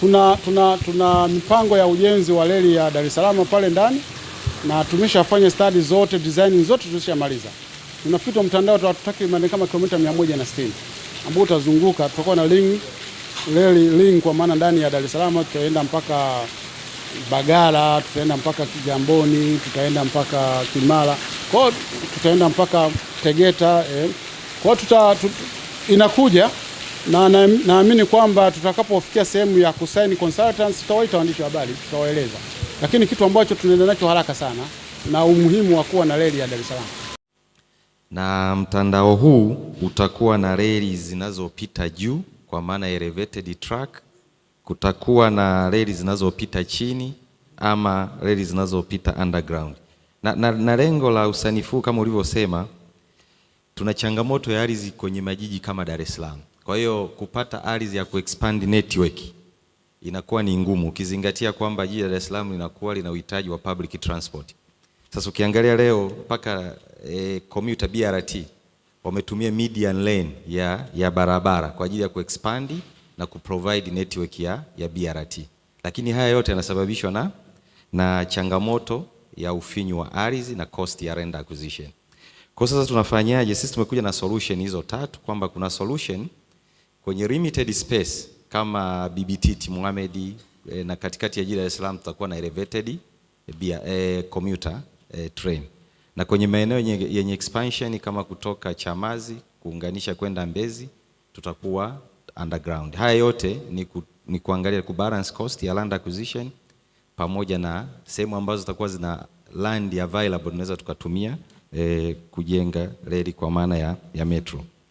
tuna, tuna, tuna mipango ya ujenzi wa reli ya Dar es Salaam pale ndani na tumeshafanya study zote, design zote tulishamaliza. Tunafuta mtandao wa takriban kama kilomita 160 ambao utazunguka, tutakuwa na link reli link kwa maana ndani ya Dar es Salaam tutaenda mpaka Bagara, tutaenda mpaka Kigamboni, tutaenda mpaka Kimara, kwa tutaenda mpaka Tegeta eh. Kwa tuta, tut, inakuja na naamini na kwamba tutakapofikia sehemu ya kusaini consultants tutawaita waandishi wa habari tutawaeleza, lakini kitu ambacho tunaenda nacho haraka sana na umuhimu wa kuwa na reli ya Dar es Salaam. Na mtandao huu utakuwa na reli zinazopita juu kwa maana elevated track, kutakuwa na reli zinazopita chini ama reli zinazopita underground na, na, na lengo la usanifu kama ulivyosema, tuna changamoto ya ardhi kwenye majiji kama Dar es Salaam. Kwa hiyo kupata ardhi ya kuexpand network inakuwa ni ngumu ukizingatia kwamba jiji la Dar es Salaam linakuwa lina uhitaji wa public transport. Sasa ukiangalia leo mpaka e, commuter BRT wametumia median lane ya, ya barabara kwa ajili ya kuexpand na kuprovide network ya, ya BRT, lakini haya yote yanasababishwa na, na changamoto ya ufinyu wa ardhi na cost ya render acquisition. Kwa sasa tunafanyaje? Sisi tumekuja na solution hizo tatu kwamba kuna solution kwenye limited space kama BBT Mohamed e, eh, na katikati ya jiji la Dar es Salaam tutakuwa na elevated e, bia, e, commuter e, train na kwenye maeneo yenye, yenye expansion kama kutoka Chamazi kuunganisha kwenda Mbezi tutakuwa underground. Haya yote ni, ku, ni kuangalia balance cost ya land acquisition pamoja na sehemu ambazo zitakuwa zina land available tunaweza tukatumia eh, kujenga reli kwa maana ya, ya metro.